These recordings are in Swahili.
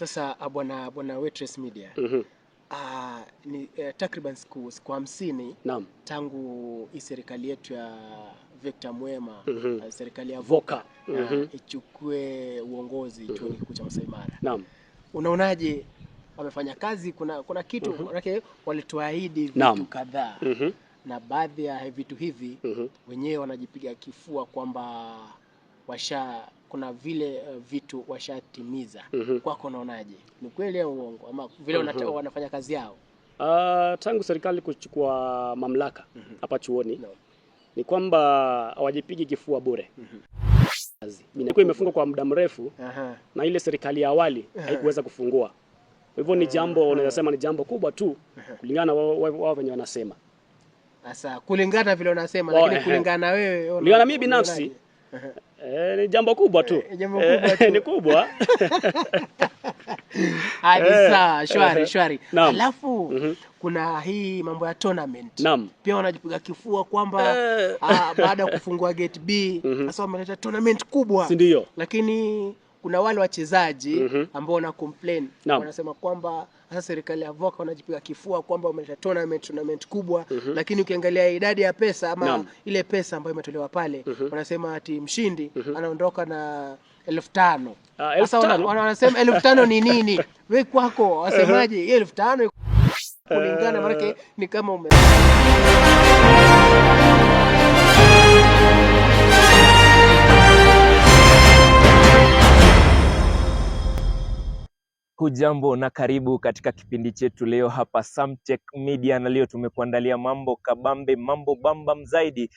Sasa uh, bwana bwana Waitress Media mm -hmm. Uh, ni uh, takriban siku siku hamsini tangu hii serikali yetu ya Victor Mwema mm -hmm. serikali ya Voka mm -hmm. ichukue uongozi mm -hmm. chuo kikuu cha Masai Mara. Naam. Unaonaje wamefanya kazi? Kuna kuna kitu mm -hmm. walituahidi vitu kadhaa mm -hmm. na baadhi ya vitu hivi mm -hmm. wenyewe wanajipiga kifua kwamba washa kuna vile uh, vitu washatimiza mm -hmm. Kwako unaonaje, ni kweli au uongo, ama vile mm -hmm. wanafanya kazi yao? Uh, tangu serikali kuchukua mamlaka mm -hmm. hapa chuoni no. ni kwamba hawajipigi kifua bure mm -hmm. imefungwa kwa muda mrefu na ile serikali ya awali haikuweza kufungua. Kwa hivyo ni jambo unaweza sema ni jambo kubwa tu kulingana na wao wenye wanasema. Asa, kulingana vile unasema lakini kulingana na wewe, kulingana mimi binafsi E, ni jambo kubwa tu e, jambo eh, kubwa tu. ni kubwa hadi saa shwari shwari. Alafu mm -hmm. kuna hii mambo ya tournament Naam. pia wanajipiga kifua kwamba ah, baada ya kufungua gate B mhm. sasa mm -hmm. wameleta tournament kubwa, si ndio? Lakini kuna wale wachezaji mm -hmm. ambao wana complain no. wanasema kwamba sasa serikali ya Voka wanajipiga kifua kwamba wameleta tournament tournament kubwa mm -hmm. lakini ukiangalia idadi ya pesa ama no. ile pesa ambayo imetolewa pale mm -hmm. wanasema ati mshindi mm -hmm. anaondoka na elfu tano ah, sasa wanasema elfu tano ni nini we kwako wasemaje hiyo mhm. elfu tano eh. kulingana maanake ni kama ume Hujambo na karibu katika kipindi chetu leo hapa Samtech Media, na leo tumekuandalia mambo kabambe, mambo bambam zaidi.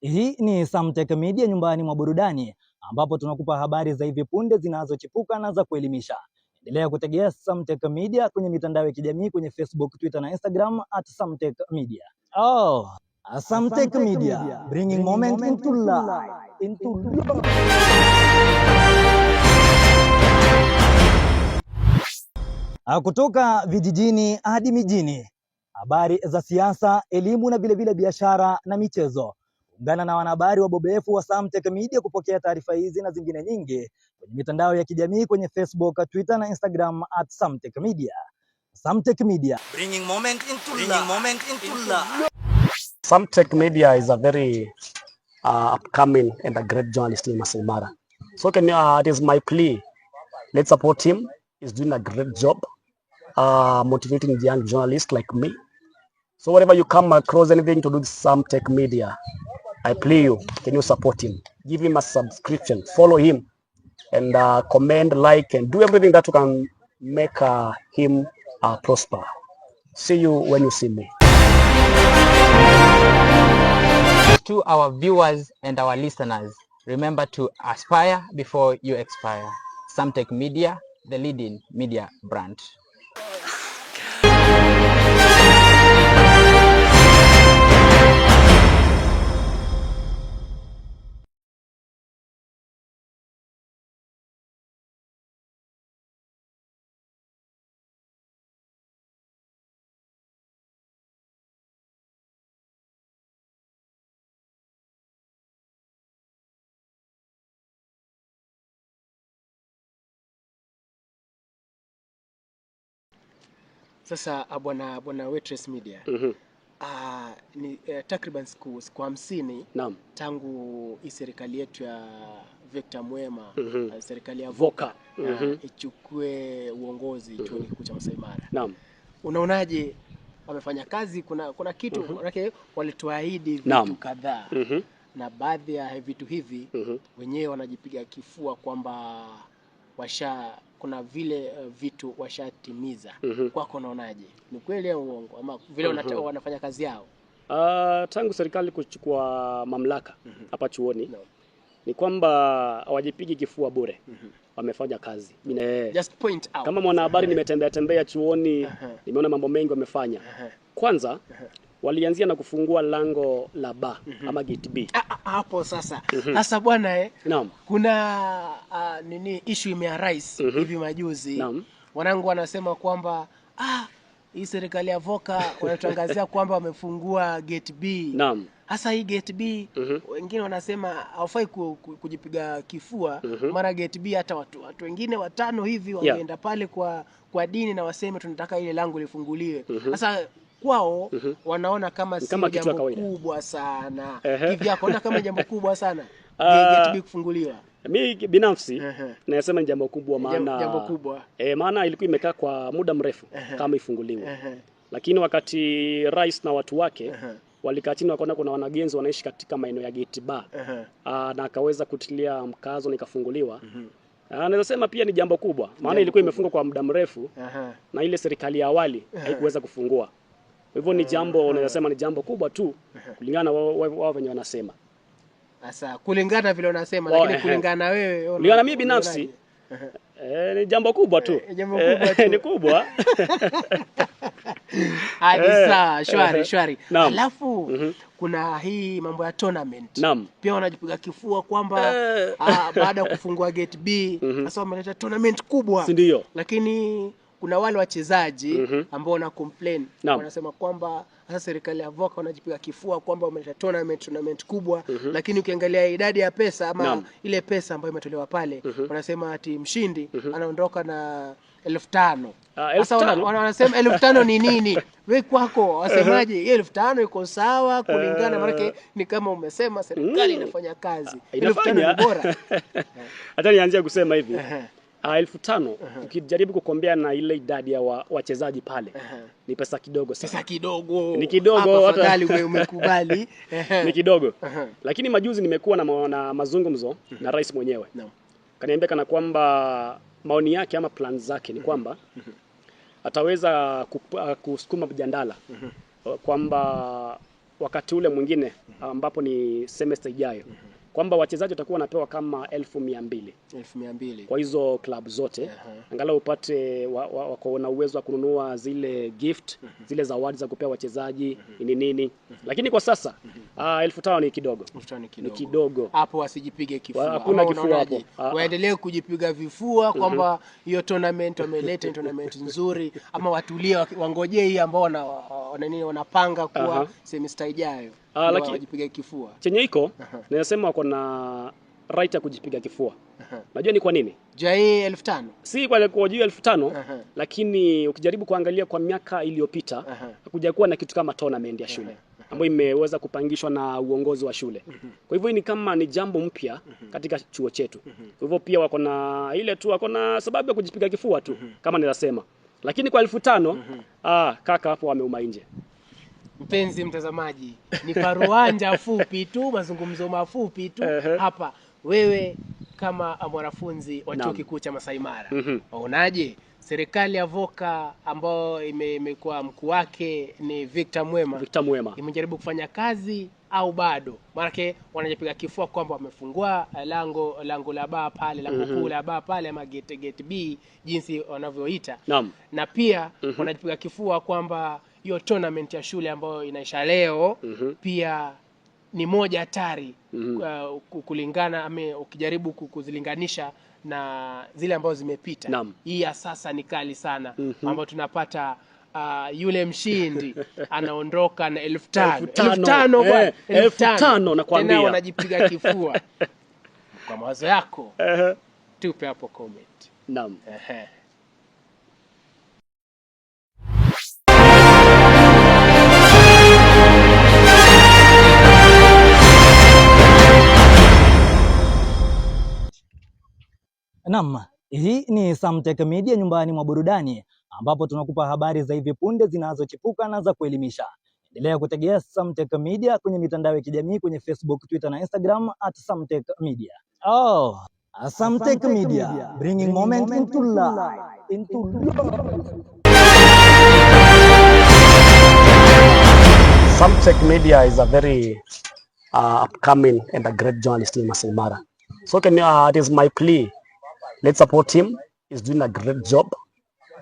Hii ni Samtech Media, nyumbani mwa burudani, ambapo tunakupa habari za hivi punde zinazochipuka na za kuelimisha. Endelea kutegea Samtech Media kwenye mitandao ya kijamii kwenye Facebook, Twitter na Instagram at Samtech Media. Oh, Samtech Samtech Media, bringing moment into life, into life. Ah, kutoka vijijini hadi mijini, habari za siasa, elimu na vilevile biashara na michezo. Ungana na wanahabari wabobefu wa Samtech Media kupokea taarifa hizi na zingine nyingi kwenye mitandao ya kijamii kwenye Facebook, Twitter na Instagram at Samtech Media. Samtech Media. Bringing moment into Bringing moment into love. Samtech Media is a very uh, upcoming and a great journalist in Masai Mara. So can, uh, it is my plea. Let's support him. He's doing a great job uh, motivating young journalists like me. So whenever you come across anything to do with Sam Tech Media, I plea you, can you support him? Give him a subscription, follow him, and uh, comment, like, and do everything that you can make uh, him uh, prosper. See you when you see me. To our viewers and our listeners, remember to aspire before you expire. Samtech Media, the leading media brand. Sasa ah, bwana bwana Waitress Media mm -hmm. Uh, ni eh, takriban siku siku hamsini Naam. tangu hii serikali yetu ya Victor Mwema mm -hmm. serikali ya Voka mm -hmm. uh, ichukue uongozi mm -hmm. chuo kikuu cha Masai Mara. Naam. Unaonaje wamefanya kazi? Kuna kuna kitu mm -hmm. walituahidi vitu kadhaa mm -hmm. na baadhi ya vitu hivi mm -hmm. wenyewe wanajipiga kifua kwamba washa kuna vile uh, vitu washatimiza mm -hmm. Kwako unaonaje, ni kweli au uongo, ama vile mm -hmm. wanafanya kazi yao? Uh, tangu serikali kuchukua mamlaka mm hapa -hmm. chuoni no. Ni kwamba hawajipigi kifua bure mm -hmm. Wamefanya kazi Mine, Just point out. Kama mwanahabari nimetembea tembea chuoni uh -huh. Nimeona mambo mengi wamefanya uh -huh. Kwanza uh -huh walianzia na kufungua lango la ba mm -hmm. ama gate B hapo sasa mm -hmm. Sasa bwana eh, naam. kuna uh, nini issue imearise mm -hmm. hivi majuzi naam. wanangu wanasema kwamba ah, hii serikali ya voka wanatangazia kwamba wamefungua gate B naam hasa hii gate B mm -hmm. wengine wanasema haufai ku, ku, kujipiga kifua mm -hmm. mara gate B hata watu watu wengine watano hivi wameenda yeah. pale kwa kwa dini na waseme tunataka ile lango lifunguliwe mhm. sasa mm -hmm kwao mm -hmm. wanaona kama si jambo kubwa sana kivyako, na kama jambo kubwa sana uh, kufunguliwa mi binafsi uh -huh. nasema ni jambo kubwa maana jambo kubwa. E, maana ilikuwa imekaa kwa muda mrefu uh -huh. kama ifunguliwe uh -huh. lakini wakati rais na watu wake uh -huh walikaa chini wakaona kuna wanagenzi wanaishi katika maeneo ya geti ba uh ah, -huh. na akaweza kutilia mkazo nikafunguliwa. uh mhm. ah, -huh. Naweza sema pia ni jambo kubwa, maana ilikuwa imefungwa kwa muda mrefu uh -huh. na ile serikali ya awali haikuweza uh -huh. kufungua kwa hivyo ni jambo unaweza sema ni jambo kubwa tu kulingana wao wenyewe wanasema. Sasa kulingana vile wanasema, oh, lakini kulingana wewe, kulingana mimi binafsi eh, ni jambo kubwa tu, e, jambo kubwa eh, tu. ni kubwa hadi eh, saa shwari shwari. Alafu mm -hmm. kuna hii mambo ya tournament Naam. pia wanajipiga kifua kwamba ah, baada ya kufungua gate B mhm. sasa mm -hmm. wameleta tournament kubwa, si ndio? Lakini kuna wale wachezaji mm -hmm. ambao wana complain no. wanasema kwamba sasa serikali ya Voka wanajipiga kifua kwamba wameleta tournament tournament kubwa mm -hmm. lakini ukiangalia idadi ya pesa ama no. ile pesa ambayo imetolewa pale mm -hmm. wanasema ati mshindi mm -hmm. anaondoka na elfu tano ah, sasa wanasema elfu tano ni nini? we kwako wasemaje? Mhm. hiyo elfu tano iko sawa kulingana, eh. maanake ni kama umesema serikali mm. inafanya kazi, ah, elfu tano ni bora. Hata nianzia kusema hivi Uh, elfu tano uh -huh. Ukijaribu kukombea na ile idadi ya wachezaji wa pale uh -huh. Ni pesa kidogo sana. Pesa kidogo. Ni kidogo wata... umekubali. Ni kidogo uh -huh. Lakini majuzi nimekuwa na, ma na mazungumzo uh mhm. -huh. na rais mwenyewe no. Kaniambia kana kwamba maoni yake ama plan zake ni mhm. kwamba uh mhm. -huh. ataweza ah, kusukuma mjandala uh -huh. kwamba wakati ule mwingine ambapo ni semester ijayo uh -huh kwamba wachezaji watakuwa wanapewa kama elfu mia mbili kwa hizo club zote uh -huh. angalau upate wako wa, na uwezo wa kununua zile gift uh -huh. zile zawadi za kupewa wachezaji uh -huh. ni nini uh -huh. lakini kwa sasa uh -huh. Ah, elfu tano ni kidogo. Ni kidogo. Hapo wasijipige kifua. Hakuna kifua hapo. Ah. Waendelee kujipiga vifua mhm. kwamba hiyo tournament wameleta tournament nzuri ama watulie wangojee hii ambao wana, wana, wanapanga kuwa semester ijayo. Ah, lakini wajipige kifua. Chenye iko nasema wako na right ya kujipiga kifua. Najua ni kwa nini? Jai elfu tano si kwa kwa juu elfu tano lakini ukijaribu kuangalia kwa miaka iliyopita hakujakuwa na kitu kama tournament ya shule. Aha ambayo imeweza kupangishwa na uongozi wa shule. Kwa hivyo ni kama ni jambo mpya katika chuo chetu. Kwa hivyo pia wako na ile tu, wako na sababu ya kujipiga kifua tu kama nilasema, lakini kwa elfu tano ah, kaka hapo wameuma nje. Mpenzi mtazamaji, ni paruanja fupi tu, mazungumzo mafupi tu hapa. Wewe kama mwanafunzi wa chuo kikuu cha Masai Mara, mhm. waonaje? Serikali ya Voka ambayo imekuwa ime mkuu wake ni Victor Mwema, Victor Mwema imejaribu kufanya kazi au bado? Maanake wanajipiga kifua kwamba wamefungua eh, lango lango la baa pale lango mm -hmm. la baa pale ama gate, gate B jinsi wanavyoita na pia mm -hmm. wanajipiga kifua kwamba hiyo tournament ya shule ambayo inaisha leo mm -hmm. pia ni moja hatari mm -hmm. uh, kulingana ame ukijaribu kuzilinganisha na zile ambazo zimepita. Hii ya sasa ni kali sana mm -hmm. ambayo tunapata Uh, yule mshindi anaondoka na elfu tano elfu tano bwana, eh, nakwambia, wanajipiga kifua kwa mawazo yako. uh -huh. Tupe hapo comment. Naam. uh -huh. Naam, hii ni Samtech Media nyumbani mwa burudani ambapo tunakupa habari za hivi punde zinazochipuka na za kuelimisha. Endelea kutegea Samtech Media kwenye mitandao ya kijamii kwenye Facebook, Twitter na Instagram at Samtech Media. Oh, Samtech Media bringing moment into life. Into life. Samtech Media is a very uh, upcoming and a great journalist in Masai Mara. So can, you, uh, it is my plea Let's support him. He's doing a great job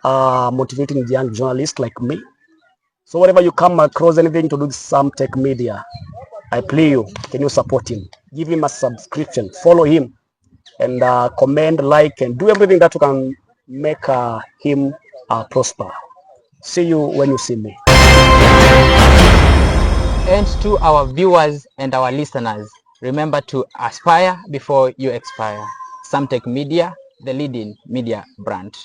uh, motivating young journalists like me. So whenever you come across anything to do with Sam Tech Media, I plea you, can you support him? Give him a subscription, follow him, and uh, comment, like, and do everything that you can make uh, him uh, prosper. See you when you see me. And to our viewers and our listeners, remember to aspire before you expire. Samtech Media the leading media brand.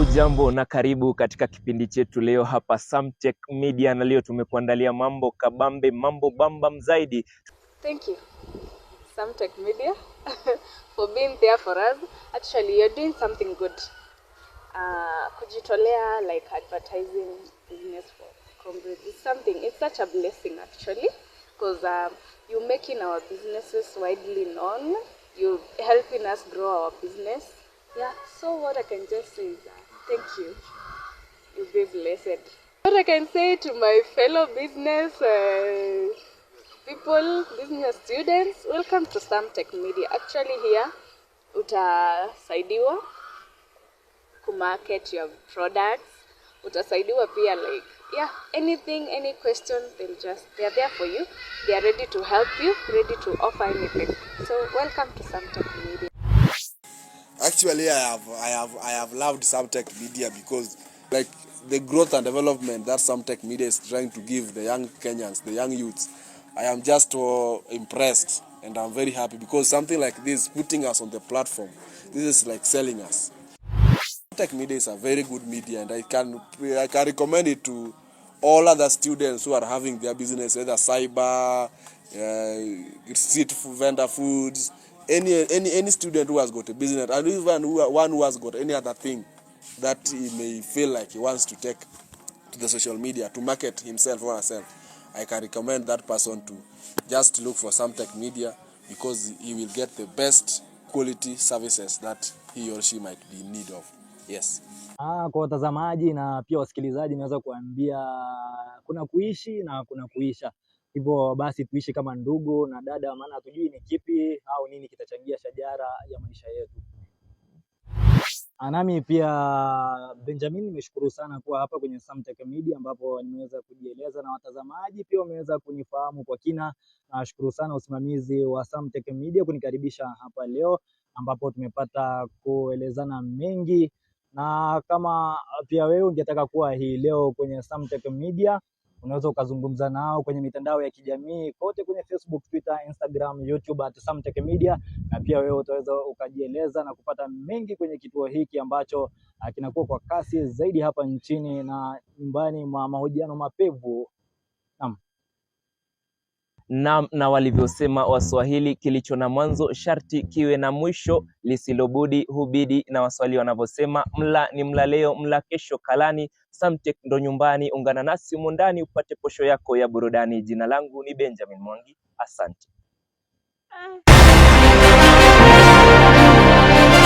Ujambo na karibu katika kipindi chetu leo hapa Samtech Media, na leo tumekuandalia mambo kabambe, mambo bambam zaidi. Thank you Samtech Media for being there for us. Actually you're doing something good. Uh, kujitolea like advertising business for Congress is something, it's such a blessing actually because um, you're making our businesses widely known. You're helping us grow our business. Yeah, so what I can just say is that thank you. You'll be blessed. What I can say to my fellow business uh, people, business students, welcome to Samtech Media. Actually here utasaidiwa market your products, utasaidiwa pia like yeah, anything, any question, they'll just, they're there for you. They are ready to help you, ready to offer anything. So welcome to Samtech Media. Actually, I have, I have, I have loved Samtech Media because like the growth and development that Samtech Media is trying to give the young Kenyans, the young youths, I am just uh, impressed and I'm very happy because something like this putting us on the platform, this is like selling us. Tech Media is a very good media, and I can I can recommend it to all other students who are having their business, whether cyber, uh, street vendor foods, any any any student who has got a business, and even who, one who has got any other thing that he may feel like he wants to take to the social media to market himself or herself. I can recommend that person to just look for some tech media because he will get the best quality services that he or she might be in need of. Yes. Ah, kwa watazamaji na pia wasikilizaji naweza kuambia kuna kuishi na kuna kuisha. Hivyo basi tuishi kama ndugu na dada, maana hatujui ni kipi au nini kitachangia shajara ya maisha yetu. Ah, nami pia Benjamin, nimeshukuru sana kuwa hapa kwenye Samtech Media ambapo nimeweza kujieleza na watazamaji pia wameweza kunifahamu kwa kina. Nashukuru sana usimamizi wa Samtech Media kunikaribisha hapa leo ambapo tumepata kuelezana mengi na kama pia wewe ungetaka kuwa hii leo kwenye Samtech Media, unaweza ukazungumza nao kwenye mitandao ya kijamii kote, kwenye Facebook, Twitter, Instagram, YouTube at Samtech Media, na pia wewe utaweza ukajieleza na kupata mengi kwenye kituo hiki ambacho ah, kinakuwa kwa kasi zaidi hapa nchini na nyumbani mwa mahojiano mapevu na, na walivyosema Waswahili, kilicho na mwanzo sharti kiwe na mwisho, lisilobudi hubidi. Na Waswahili wanavyosema mla ni mla leo, mla kesho kalani. Samtek ndo nyumbani. Ungana nasi humo ndani upate posho yako ya burudani. Jina langu ni Benjamin Mwangi, asante. Ah.